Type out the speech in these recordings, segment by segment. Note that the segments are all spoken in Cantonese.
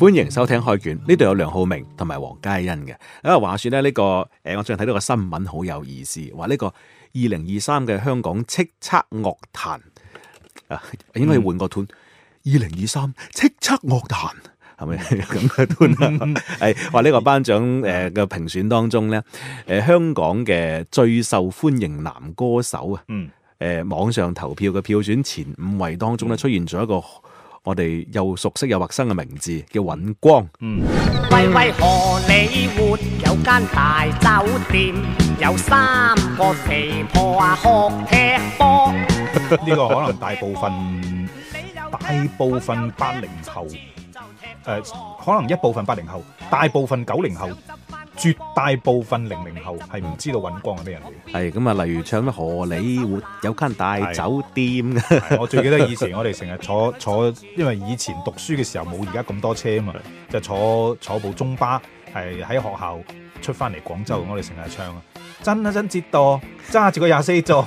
歡迎收聽開卷，呢度有梁浩明同埋黃嘉欣嘅。啊，話說咧、這、呢個，誒，我最近睇到個新聞好有意思，話呢個二零二三嘅香港叱咤樂，樂壇啊，應該要換個段、嗯，二零二三叱咤樂壇係咪咁嘅段？誒、嗯，話 呢個頒獎誒嘅評選當中咧，誒，香港嘅最受歡迎男歌手啊，嗯，誒，網上投票嘅票選前五位當中咧，出現咗一個。我哋又熟悉又陌生嘅名字叫尹光。嗯，喂喂荷里活有間大酒店，有三個肥婆啊學踢波。呢、 呢個可能大部分，大部分八零後，誒、呃，可能一部分八零後，大部分九零後。絕大部分零零後係唔知道尹光係咩人嘅。係咁啊，例如唱《荷里活》，有間大酒店嘅。我最記得以前我哋成日坐 坐，因為以前讀書嘅時候冇而家咁多車啊嘛，就坐坐部中巴，係喺學校出翻嚟廣州，嗯、我哋成日唱啊。真一真折墮，揸住個廿四座，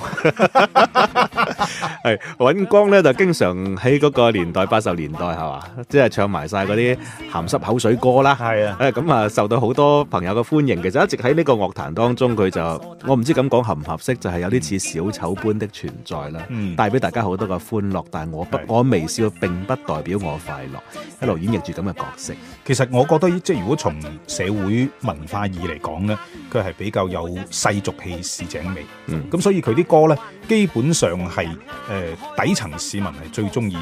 係 尹光咧就經常喺嗰個年代，八十年代係嘛，即係唱埋晒嗰啲鹹濕口水歌啦，係啊，咁啊受到好多朋友嘅歡迎。其實一直喺呢個樂壇當中，佢就，我唔知咁講合唔合適，就係、是、有啲似小丑般的存在啦。嗯，帶俾大家好多嘅歡樂，但係我不我微笑並不代表我快樂，在一路演繹住咁嘅角色。其實我覺得，即係如果從社會文化意義嚟講咧，佢係比較有世俗氣市井味。嗯，咁所以佢啲歌咧，基本上係誒、呃、底層市民係最中意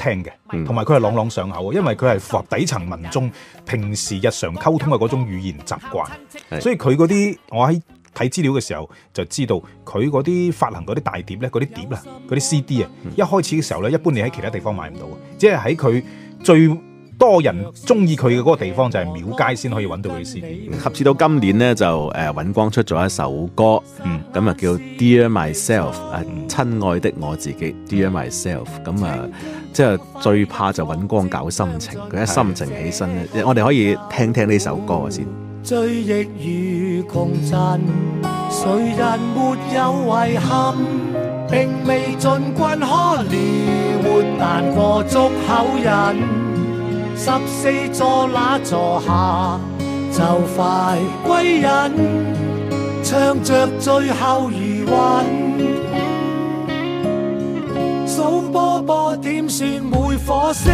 誒聽嘅，同埋佢係朗朗上口啊，因為佢係符合底層民眾平時日常溝通嘅嗰種語言習慣。所以佢嗰啲，我喺睇資料嘅時候就知道，佢嗰啲發行嗰啲大碟咧，嗰啲碟啦，嗰啲 CD 啊、嗯，一開始嘅時候咧，一般你喺其他地方買唔到嘅，即係喺佢最多人中意佢嘅嗰個地方就係、是、廟街先可以搵到佢啲 CD。及、嗯、至到今年呢，就誒、呃、尹光出咗一首歌，咁、嗯、啊、嗯、叫 Dear Myself、嗯、親愛的我自己，Dear Myself。咁啊、呃、即係最怕就尹光搞心情，佢、嗯、一心情起身，嗯、我哋可以聽聽呢首歌先。追憶與共振，誰人沒有遺憾，並未盡慣，可憐活難過足口人十四座那座下就快歸隱，唱着最後餘韻，數 波波點算每顆星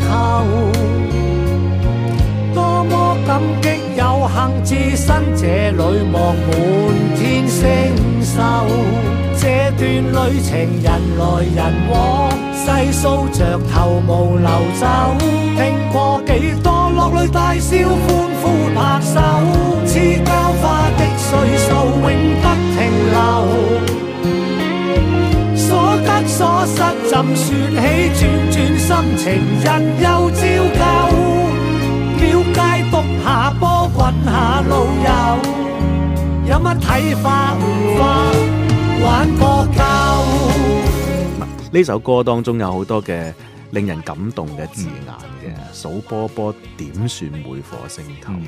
球，多麼感激有幸置身這裏望滿天星宿。.這段旅程，人來人往，細數着頭毛流走。聽過幾多落淚、大笑、歡呼、拍手，似膠花的歲數，永不停留。所得所失，怎算起？轉轉心情，人又照舊。廟街卜下波，滾下老友，有乜睇法唔化。呢首歌當中有好多嘅令人感動嘅字眼嘅、嗯，數波波點算每顆星球，嗯、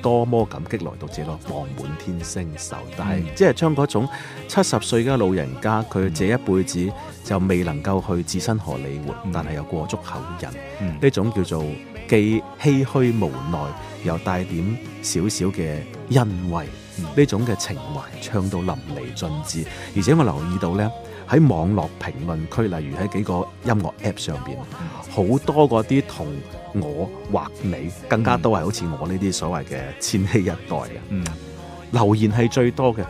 多麼感激來到這個望滿天星宿、嗯、但係即係將嗰種七十歲嘅老人家，佢這一輩子就未能夠去置身荷里活，嗯、但係又過足口癮呢、嗯、種叫做既唏嘘無奈，又帶點少少嘅欣慰。呢、嗯、種嘅情懷唱到淋漓盡致，而且我留意到呢喺網絡評論區，例如喺幾個音樂 App 上邊，好、嗯、多嗰啲同我或你，更加都係好似我呢啲所謂嘅千禧一代、嗯、留言係最多嘅，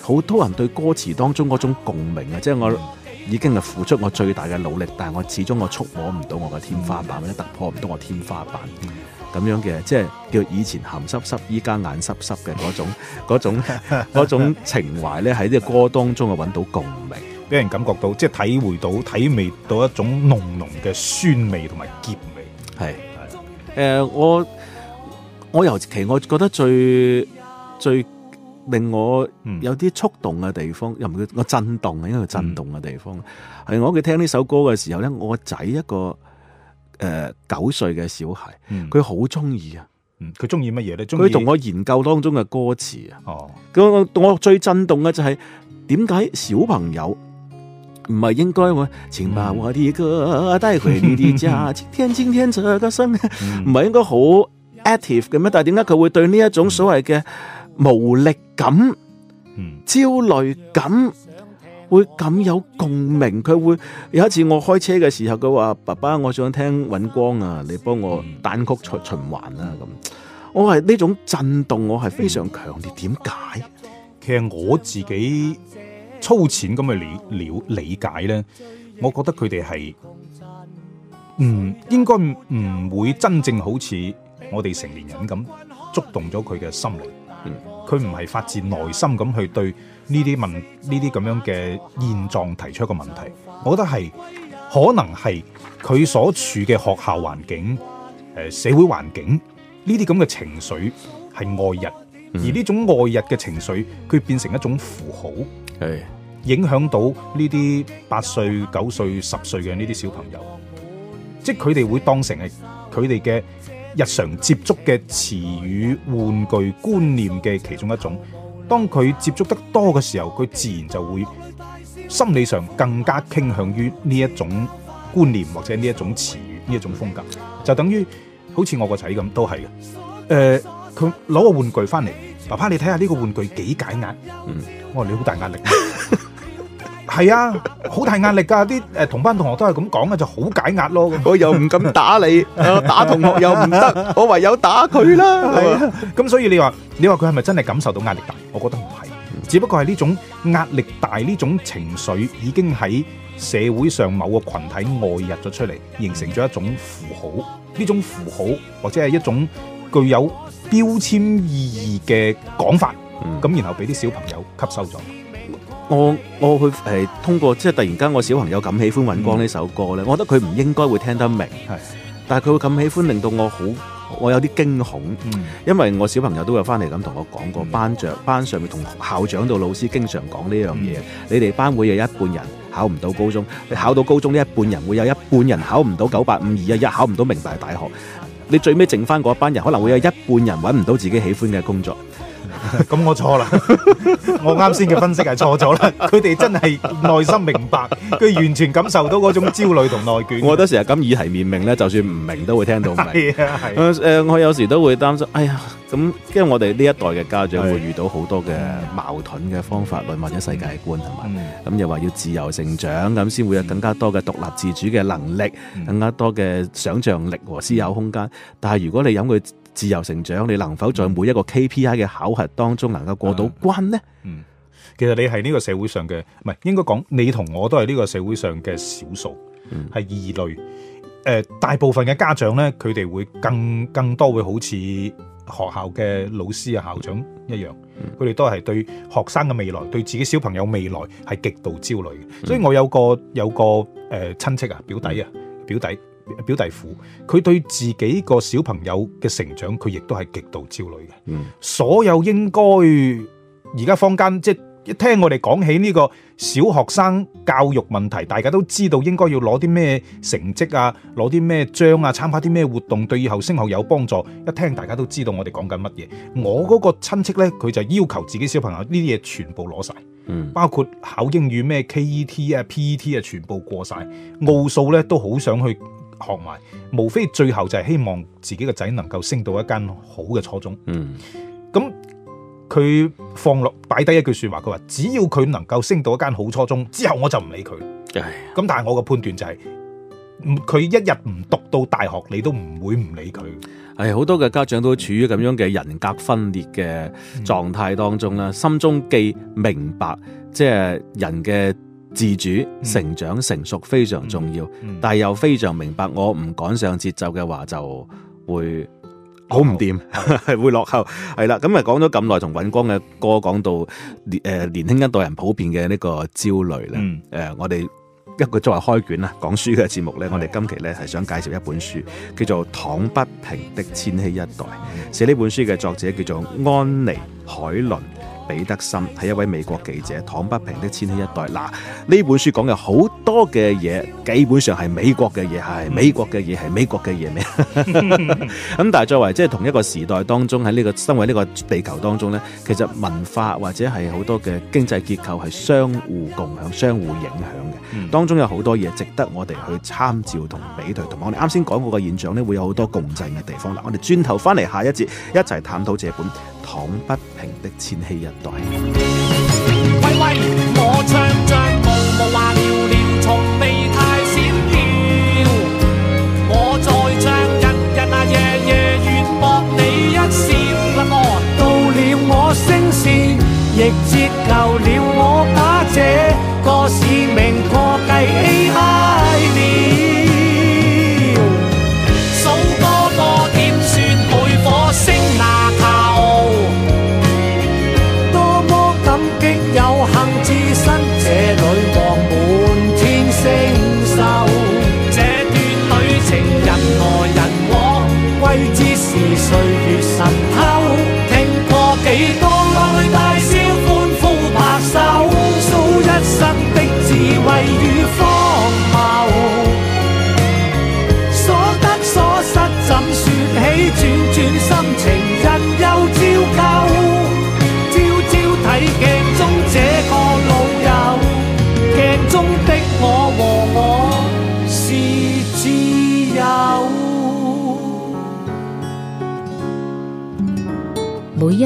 好、嗯、多人對歌詞當中嗰種共鳴啊，即、嗯、係、就是、我已經係付出我最大嘅努力，但係我始終我觸摸唔到我嘅天花板，或、嗯、者突破唔到我的天花板。嗯咁樣嘅，即係叫以前鹹濕濕，依家眼濕濕嘅嗰種，嗰 種嗰種情懷咧，喺呢個歌當中啊，搵到共鳴，俾人感覺到，即係體會到、體味到，到一種濃濃嘅酸味同埋澀味。係係，誒、呃，我我尤其我覺得最最令我有啲觸動嘅地方，嗯、又唔叫我震動啊，應該係震動嘅地方，係、嗯、我嘅聽呢首歌嘅時候咧，我仔一個。誒、呃，九歲嘅小孩，佢好中意啊，佢中意乜嘢咧？佢、嗯、同我研究當中嘅歌詞啊，咁、哦、我最震動嘅就係點解小朋友唔係應該、嗯、話，請把我的歌帶回你的家，聽聽聽這個聲，唔、嗯、係應該好 active 嘅咩？但係點解佢會對呢一種所謂嘅無力感、嗯、焦慮感？會咁有共鳴，佢會有一次我開車嘅時候，佢話爸爸，我想聽尹光啊，你幫我單曲循循環啊咁。我係呢種震動，我係非常強烈。點解？其實我自己粗淺咁去理了理解咧，我覺得佢哋係唔應該唔會真正好似我哋成年人咁觸動咗佢嘅心靈。佢唔係發自內心，咁去對呢啲問呢啲咁樣嘅現狀提出一個問題，我覺得係可能係佢所處嘅學校環境、誒、呃、社會環境呢啲咁嘅情緒係外溢、嗯，而呢種外溢嘅情緒，佢變成一種符號，係影響到呢啲八歲、九歲、十歲嘅呢啲小朋友，即係佢哋會當成係佢哋嘅。日常接觸嘅詞語、玩具、觀念嘅其中一種，當佢接觸得多嘅時候，佢自然就會心理上更加傾向於呢一種觀念或者呢一種詞語、呢一種風格，就等於好似我個仔咁都係嘅。誒、呃，佢攞個玩具翻嚟，爸爸，你睇下呢個玩具幾解壓？嗯，我話你好大壓力。 係啊，好大壓力噶，啲誒同班同學都係咁講嘅，就好解壓咯。我又唔敢打你， 打同學又唔得，我唯有打佢啦。咁、啊、所以你話，你話佢係咪真係感受到壓力大？我覺得唔係，只不過係呢種壓力大呢種情緒已經喺社會上某個群體外溢咗出嚟，形成咗一種符號，呢種符號或者係一種具有標籤意義嘅講法，咁然後俾啲小朋友吸收咗。我我去通過即係突然間，我小朋友咁喜歡尹光呢首歌呢，嗯、我覺得佢唔應該會聽得明，但係佢會咁喜歡，令到我好，我有啲驚恐，嗯、因為我小朋友都有翻嚟，咁同我講過，嗯，班班上班上面同校長到老師經常講呢樣嘢。嗯、你哋班會有一半人考唔到高中，你考到高中呢一半人會有一半人考唔到九八五二一一，考唔到名牌大學，你最尾剩翻嗰班人，可能會有一半人揾唔到自己喜歡嘅工作。咁 我錯啦，我啱先嘅分析係錯咗啦。佢哋真係內心明白，佢完全感受到嗰種焦慮同內卷。我覺得成日咁以提面命咧，就算唔明都會聽到唔明。係啊係。誒、呃，我有時都會擔心，哎呀，咁，因為我哋呢一代嘅家長會遇到好多嘅矛盾嘅方法論或者世界觀係咪？咁、嗯、又話要自由成長，咁先會有更加多嘅獨立自主嘅能力，更加多嘅想象力和思考空間。但係如果你飲佢。自由成長，你能否在每一個 KPI 嘅考核當中能夠過到關呢？嗯，嗯，其實你係呢個社會上嘅，唔係應該講你同我都係呢個社會上嘅少數，係、嗯、異類。誒、呃，大部分嘅家長呢，佢哋會更更多會好似學校嘅老師啊、校長一樣，佢、嗯、哋、嗯、都係對學生嘅未來、對自己小朋友嘅未來係極度焦慮嘅、嗯。所以我有個有個誒親、呃、戚啊，表弟啊，表弟。表弟父，佢對自己個小朋友嘅成長，佢亦都係極度焦慮嘅、嗯。所有應該而家坊間即係、就是、一聽我哋講起呢個小學生教育問題，大家都知道應該要攞啲咩成績啊，攞啲咩章啊，參加啲咩活動對以後升學有幫助。一聽大家都知道我哋講緊乜嘢。我嗰個親戚呢，佢就要求自己小朋友呢啲嘢全部攞晒、嗯，包括考英語咩 KET 啊、PET 啊，全部過晒。奧數呢都好想去。學埋，無非最後就係希望自己嘅仔能夠升到一間好嘅初中。嗯，咁佢放落擺低一句說話，佢話只要佢能夠升到一間好初中之後，我就唔理佢。咁但係我嘅判斷就係、是，佢一日唔讀到大學，你都唔會唔理佢。係好多嘅家長都處於咁樣嘅人格分裂嘅狀態當中啦、嗯，心中既明白即係、就是、人嘅。自主、嗯、成長、成熟非常重要、嗯，但又非常明白，我唔趕上節奏嘅話就會好唔掂，係 會落後。係啦，咁啊講咗咁耐，同尹光嘅歌講到、呃、年輕一代人普遍嘅呢個焦慮咧、嗯呃。我哋一個作為開卷啦，講書嘅節目呢、嗯、我哋今期呢係想介紹一本書，叫做《躺不平的千禧一代》，寫呢本書嘅作者叫做安妮海倫。彼得森係一位美國記者。躺不平的《千禧一代》嗱、啊，呢本書講嘅好多嘅嘢，基本上係美國嘅嘢，係美國嘅嘢，係美國嘅嘢嚟。咁、嗯、但係作為即係同一個時代當中，喺呢、這個身為呢個地球當中呢，其實文化或者係好多嘅經濟結構係相互共享、相互影響嘅、嗯，當中有好多嘢值得我哋去參照同比對。同埋我哋啱先講過嘅現象呢會有好多共濟嘅地方。嗱，我哋轉頭翻嚟下一節，一齊探討這本。躺不平的千禧一代。喂喂，我唱着無無話聊聊，從未太閃耀。我在唱日日啊夜夜，願博你一笑。到了我聲線，亦折舊了，我把這個使命破計 AI 了。恨置身這裏。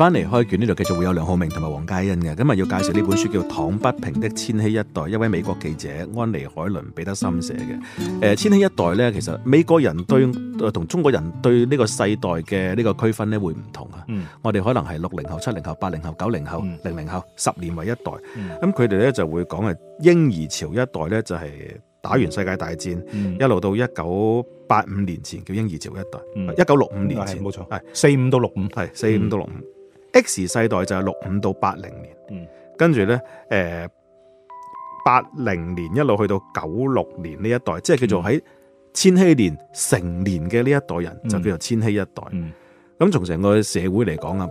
翻嚟開卷呢度繼續會有梁浩明同埋黃嘉欣嘅，今日要介紹呢本書叫《躺不平的千禧一代》，一位美國記者安妮海倫彼得森寫嘅。誒、嗯，千禧一代咧，其實美國人對同、嗯、中國人對呢個世代嘅呢個區分咧會唔同啊、嗯。我哋可能係六零後、七零後、八零後、九零後、零、嗯、零後，十年為一代。咁佢哋咧就會講嘅嬰兒潮一代咧就係打完世界大戰、嗯、一路到一九八五年前叫嬰兒潮一代，一九六五年前冇錯，四五到六五，四五到六五。X 世代就係六五到八零年，跟住咧，誒，八零年一路去到九六年呢一代，嗯、即係叫做喺千禧年成年嘅呢一代人，嗯，就叫做千禧一代。咁、嗯、從成個社會嚟講啊，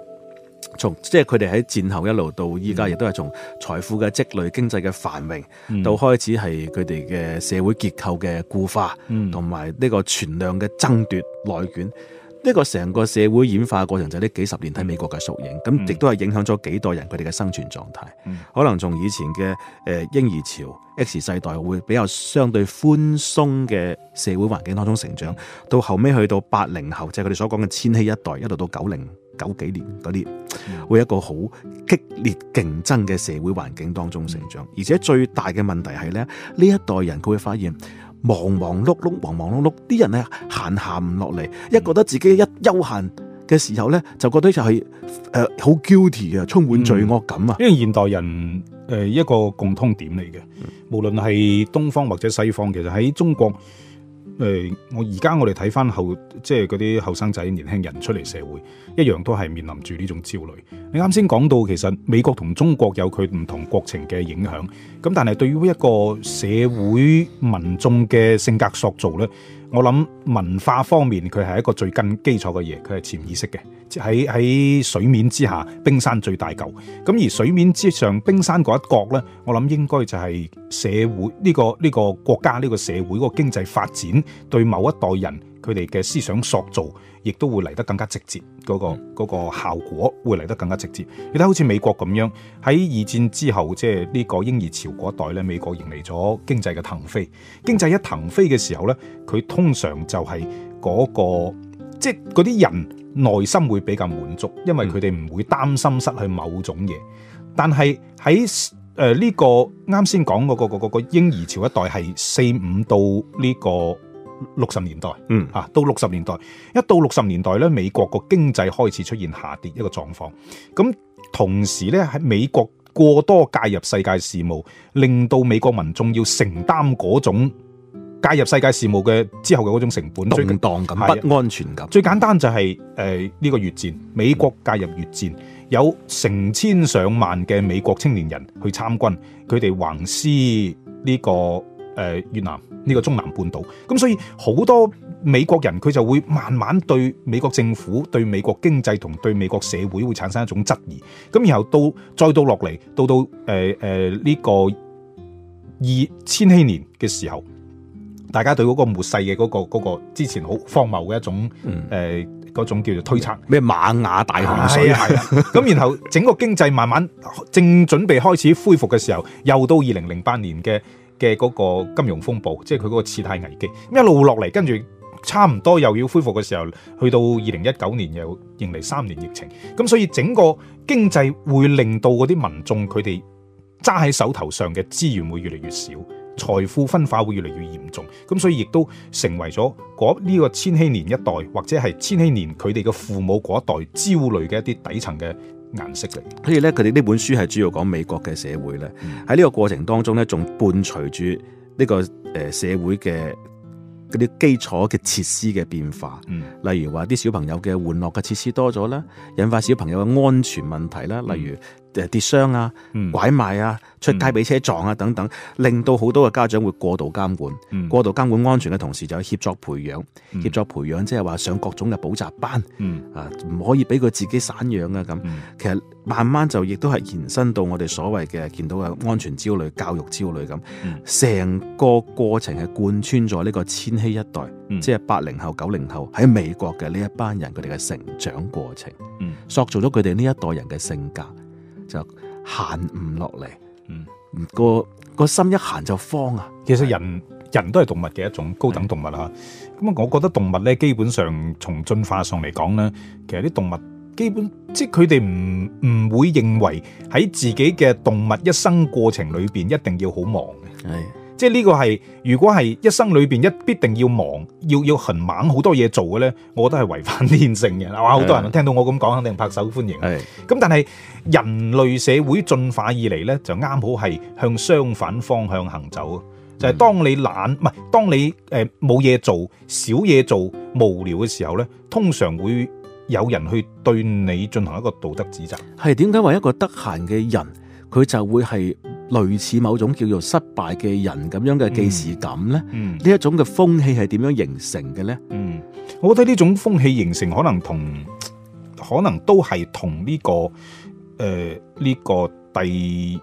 從即係佢哋喺戰後一路到依家，亦都係從財富嘅積累、經濟嘅繁榮、嗯，到開始係佢哋嘅社會結構嘅固化，同埋呢個存量嘅爭奪、內卷。呢、這個成個社會演化過程就係呢幾十年睇美國嘅縮影，咁亦都係影響咗幾代人佢哋嘅生存狀態。可能從以前嘅誒嬰兒潮 X 世代會比較相對寬鬆嘅社會環境當中成長，到後尾去到八零後，即係佢哋所講嘅千禧一代，一路到九零九幾年嗰啲，會一個好激烈競爭嘅社會環境當中成長。而且最大嘅問題係咧，呢一代人佢會發現。忙忙碌碌，忙忙碌碌，啲人咧閒閒唔落嚟，一覺得自己一休閒嘅時候咧，就覺得就係呃好 guilty 啊，充滿罪惡感啊，呢、嗯、個現代人、呃、一個共通點嚟嘅、嗯，無論係東方或者西方，其實喺中國。呃，現在我而家我哋睇翻後即係嗰啲後生仔年輕人出嚟社會，一樣都係面臨住呢種焦慮。你啱先講到，其實美國同中國有佢唔同國情嘅影響，咁但係對於一個社會民眾嘅性格塑造呢。我諗文化方面佢係一個最根基礎嘅嘢，佢係潛意識嘅，喺喺水面之下冰山最大嚿。咁而水面之上冰山嗰一角咧，我諗應該就係社會呢個呢個國家呢個社會嗰個經濟發展對某一代人。佢哋嘅思想塑造，亦都會嚟得更加直接，嗰個嗰個效果會嚟得更加直接。你睇好似美國咁樣，喺二戰之後，即係呢個嬰兒潮嗰一代咧，美國迎嚟咗經濟嘅騰飛。經濟一騰飛嘅時候咧，佢通常就係嗰個，即係嗰啲人內心會比較滿足，因為佢哋唔會擔心失去某種嘢。但係喺誒呢個啱先講嗰個個個嬰兒潮一代係四五到呢個六十年代，嗯吓、啊，到六十年代，一到六十年代咧，美國個經濟開始出現下跌一個狀況。咁同時咧，喺美國過多介入世界事務，令到美國民眾要承擔嗰種介入世界事務嘅之後嘅嗰種成本最，不適當感、不安全感。最簡單就係誒呢個越戰，美國介入越戰，嗯、有成千上萬嘅美國青年人去參軍，佢哋橫屍呢、這個。誒、呃、越南呢、這個中南半島，咁所以好多美國人佢就會慢慢對美國政府、對美國經濟同對美國社會會產生一種質疑，咁然後到再到落嚟，到到誒誒呢個二千禧年嘅時候，大家對嗰個末世嘅嗰、那個那個之前好荒謬嘅一種誒嗰、嗯呃、種叫做推測咩瑪雅大洪水，係、哎、咁 然後整個經濟慢慢正準備開始恢復嘅時候，又到二零零八年嘅。嘅嗰個金融風暴，即係佢嗰個次貸危機，一路落嚟，跟住差唔多又要恢復嘅時候，去到二零一九年又迎嚟三年疫情，咁所以整個經濟會令到嗰啲民眾佢哋揸喺手頭上嘅資源會越嚟越少，財富分化會越嚟越嚴重，咁所以亦都成為咗嗰呢個千禧年一代或者係千禧年佢哋嘅父母嗰一代焦慮嘅一啲底層嘅顏色嚟，所以咧，佢哋呢本書係主要講美國嘅社會咧。喺、嗯、呢個過程當中咧，仲伴隨住呢、呢個誒、呃、社會嘅啲基礎嘅設施嘅變化，嗯、例如話啲小朋友嘅玩樂嘅設施多咗啦，引發小朋友嘅安全問題啦，例如。嗯誒跌傷啊、拐賣啊、嗯、出街俾車撞啊等等，嗯、令到好多嘅家長會過度監管，嗯、過度監管安全嘅同時，就協助培養、嗯、協助培養，即係話上各種嘅補習班，嗯、啊唔可以俾佢自己散養啊咁、嗯。其實慢慢就亦都係延伸到我哋所謂嘅見到嘅安全焦慮、教育焦慮咁，成、嗯、個過程係貫穿咗呢個千禧一代，嗯、即係八零後、九零後喺美國嘅呢一班人佢哋嘅成長過程，塑、嗯、造咗佢哋呢一代人嘅性格。就閒唔落嚟，嗯、那個，個、那個心一閒就慌啊！其實人人都係動物嘅一種高等動物啦，咁啊、嗯，我覺得動物咧，基本上從進化上嚟講咧，其實啲動物基本即係佢哋唔唔會認為喺自己嘅動物一生過程裏邊一定要好忙嘅。是的是的。即係呢個係，如果係一生裏邊一必定要忙，要要狠猛好多嘢做嘅咧，我都係違反天性嘅。哇！好多人聽到我咁講，肯定拍手歡迎。咁但係人類社會進化以嚟咧，就啱好係向相反方向行走。就係、是、當你懶，唔、嗯、係當你誒冇嘢做、少嘢做、無聊嘅時候咧，通常會有人去對你進行一個道德指責。係點解為一個得閒嘅人，佢就會係？類似某種叫做失敗嘅人咁樣嘅既視感咧，呢、嗯嗯、一種嘅風氣係點樣形成嘅咧？嗯，我覺得呢種風氣形成可能同可能都係同呢、呢個誒呢、呃呢個第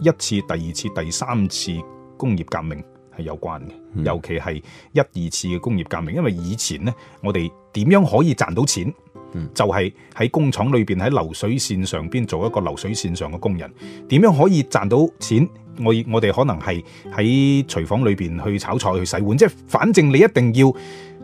一次、第二次、第三次工業革命係有關嘅、嗯，尤其係一二次嘅工業革命，因為以前咧，我哋點樣可以賺到錢？就係喺工廠裏面，喺流水線上邊做一個流水線上嘅工人，點樣可以賺到錢？我我哋可能係喺廚房裏面去炒菜去洗碗，即係反正你一定要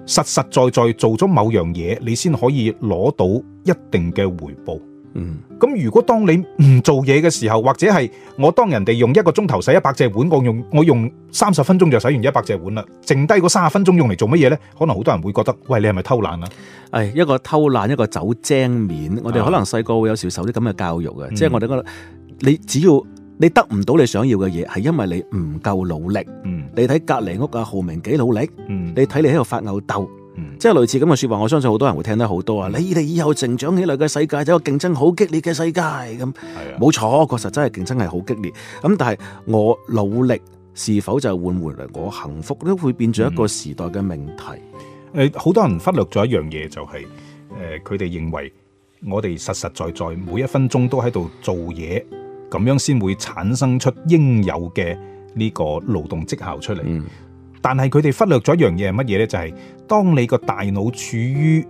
實實在在做咗某樣嘢，你先可以攞到一定嘅回報。嗯，咁如果當你唔做嘢嘅時候，或者係我當人哋用一個鐘頭洗一百隻碗，我用我用三十分鐘就洗完一百隻碗啦，剩低嗰三十分鐘用嚟做乜嘢呢？可能好多人會覺得，喂，你係咪偷懶啊？哎？一個偷懶，一個走精面。啊、我哋可能細個會有少受啲咁嘅教育嘅，即、嗯、係、就是、我哋覺得，你只要你得唔到你想要嘅嘢，係因為你唔夠努力。嗯、你睇隔籬屋阿浩明幾努力，嗯、你睇你喺度發吽斗。嗯、即係類似咁嘅說話，我相信好多人會聽得好多啊！你哋以後成長起來嘅世,世界，就係一個競爭好激烈嘅世界咁，冇錯，確實真係競爭係好激烈。咁但係我努力是否就換回嚟我幸福，都會變做一個時代嘅命題。誒、嗯，好、呃、多人忽略咗一樣嘢、就是，就係誒，佢哋認為我哋實實在在每一分鐘都喺度做嘢，咁樣先會產生出應有嘅呢個勞動績效出嚟。嗯但係佢哋忽略咗一樣嘢係乜嘢咧？就係、是、當你個大腦處於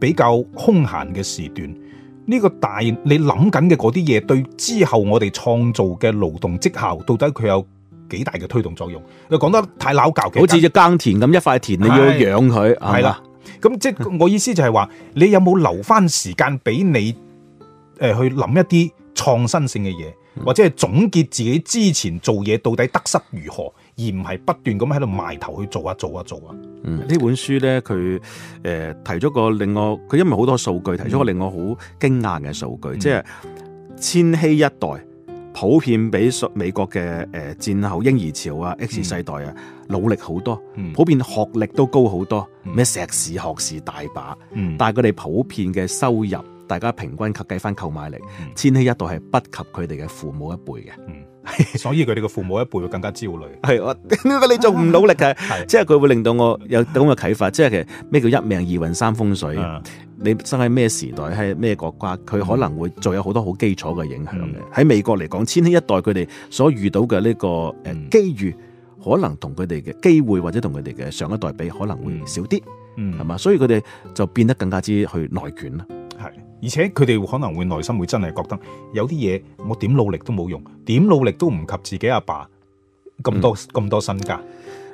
比較空閒嘅時段，呢、這個大你諗緊嘅嗰啲嘢，對之後我哋創造嘅勞動績效到底佢有幾大嘅推動作用？你講得太拗教嘅，好似只耕田咁，一塊田你要養佢係啦。咁即係我意思就係話，你有冇留翻時間俾你誒、呃、去諗一啲創新性嘅嘢，或者係總結自己之前做嘢到底得失如何？而唔係不斷咁喺度埋頭去做啊做啊做啊、嗯！呢本書咧，佢誒、呃、提咗個令我佢因為好多數據提咗個令我好驚訝嘅數據，嗯、即係千禧一代普遍比美美國嘅誒戰後嬰兒潮啊 X 世代啊、嗯、努力好多、嗯，普遍學歷都高好多，咩、嗯、碩士學士大把，嗯、但係佢哋普遍嘅收入，大家平均及計翻購買力、嗯，千禧一代係不及佢哋嘅父母一輩嘅。嗯所以佢哋嘅父母一輩會更加焦慮。係 我點解你仲唔努力嘅？ 即係佢會令到我有咁嘅啟發。即係其實咩叫一命二運三風水？你生喺咩時代，喺咩國家，佢可能會仲有好多好基礎嘅影響嘅。喺、嗯、美國嚟講，千禧一代佢哋所遇到嘅呢個誒機遇、嗯，可能同佢哋嘅機會或者同佢哋嘅上一代比，可能會少啲。係、嗯、嘛、嗯？所以佢哋就變得更加之去內卷啦。而且佢哋可能會內心會真係覺得有啲嘢我點努力都冇用，點努力都唔及自己阿爸咁多咁、嗯、多身家。誒、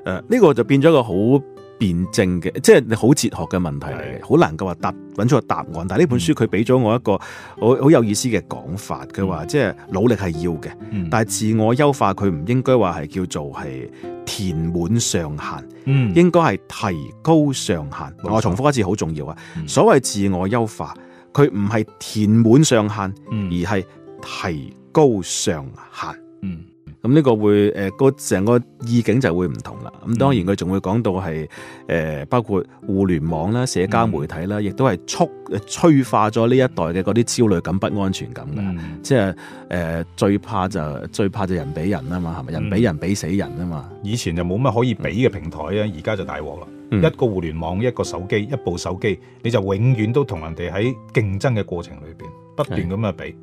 呃，呢、這個就變咗一個好辯證嘅，即係你好哲學嘅問題嚟嘅，好難夠話答搵出個答案。但係呢本書佢俾咗我一個好好有意思嘅講法，佢話即係努力係要嘅、嗯，但係自我優化佢唔應該話係叫做係填滿上限，嗯，應該係提高上限。我重複一次，好重要啊、嗯！所謂自我優化。佢唔係填滿上限，而係提高上限。咁、嗯、呢、嗯這個會誒，個、呃、成個意境就會唔同啦。咁當然佢仲會講到係誒、呃，包括互聯網啦、社交媒體啦，嗯、亦都係促催化咗呢一代嘅嗰啲焦慮感、不安全感嘅、嗯。即係誒、呃，最怕就最怕就人比人啊嘛，係咪？人比人比死人啊嘛。以前就冇乜可以比嘅平台啊，而、嗯、家就大鑊啦。一個互聯網，一個手機，一部手機，你就永遠都同人哋喺競爭嘅過程裏面不斷咁去比。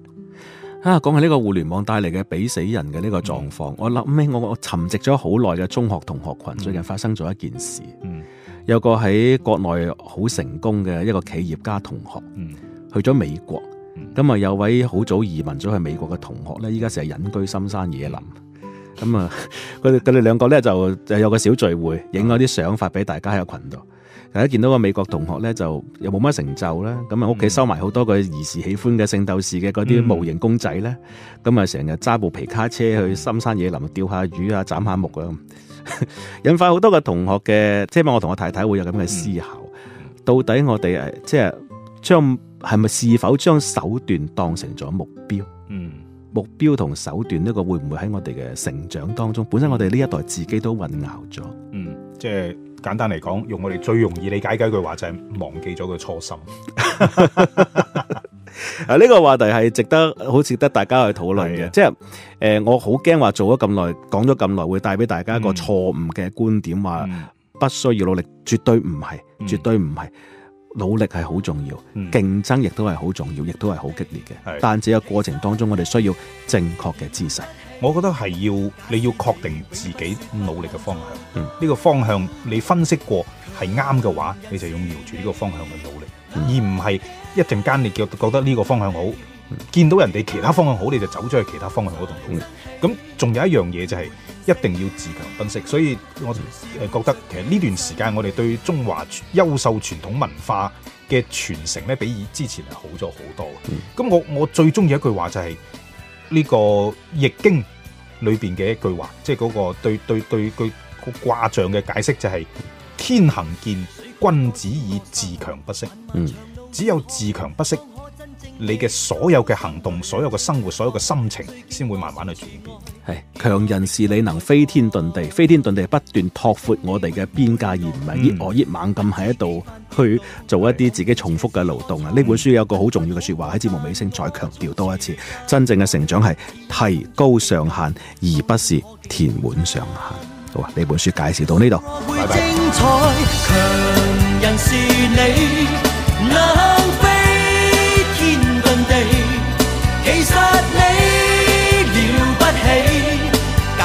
啊，講起呢個互聯網帶嚟嘅比死人嘅呢個狀況、嗯，我諗起我我沉寂咗好耐嘅中學同學群。最近發生咗一件事。嗯、有個喺國內好成功嘅一個企業家同學，嗯、去咗美國。咁、嗯、啊有位好早移民咗去美國嘅同學呢，依家成日隱居深山野林，咁啊，佢哋佢哋兩個咧就就有個小聚會，影咗啲相發俾大家喺個群度。大家見到個美國同學咧就又冇乜成就啦，咁啊屋企收埋好多個兒時喜歡嘅聖鬥士嘅嗰啲模型公仔咧，咁啊成日揸部皮卡車去深山野林釣下魚啊、斬下木啊， 咁引發好多個同學嘅，即係我同我太太會有咁嘅思考，嗯，到底我哋即係將係咪是否將手段當成咗目標？嗯。目標同手段呢個會唔會喺我哋嘅成長當中？本身我哋呢一代自己都混淆咗。嗯，即係簡單嚟講，用我哋最容易理解嘅一句話，就係、是、忘記咗個初心。啊，呢個話題係值得，好值得大家去討論嘅。即係，誒、呃，我好驚話做咗咁耐，講咗咁耐，會帶俾大家一個錯誤嘅觀點，話、嗯、不需要努力，絕對唔係、嗯，絕對唔係。努力係好重要，嗯、競爭亦都係好重要，亦都係好激烈嘅。但係，呢個過程當中，我哋需要正確嘅姿勢。我覺得係要你要確定自己努力嘅方向，呢、嗯呢個方向你分析過係啱嘅話，你就要瞄住呢個方向去努力，嗯、而唔係一陣間你覺覺得呢個方向好，嗯、見到人哋其他方向好，你就走咗去其他方向嗰度努力。咁、嗯、仲有一樣嘢就係、是。一定要自強不息。所以我誒覺得其實呢段時間我哋對中華優秀傳統文化嘅傳承咧，比之前係好咗好多。咁、嗯、我我最中意一句話就係呢、這個易經裏邊嘅一句話，即係嗰個對對句個卦象嘅解釋就係、是、天行健，君子以自強不息。嗯，只有自強不息。你嘅所有嘅行動，所有嘅生活，所有嘅心情，先會慢慢去轉變。係強人是你，能飛天遁地，飛天遁地不斷拓闊我哋嘅邊界，而唔係熱我一猛咁喺度去做一啲自己重複嘅勞動啊。呢本書有個好重要嘅說話，喺節目尾聲再強調多一次，真正嘅成長係提高上限，而不是填滿上限。好啊，呢本書介紹到呢度，精彩。強人是你。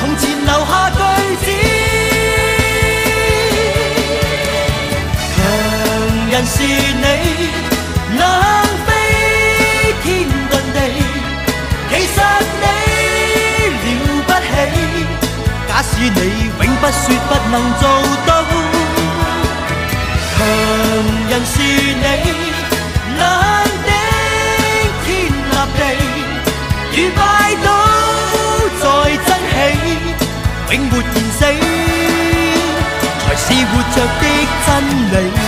從前留下句子，強人是你能。活着的真理。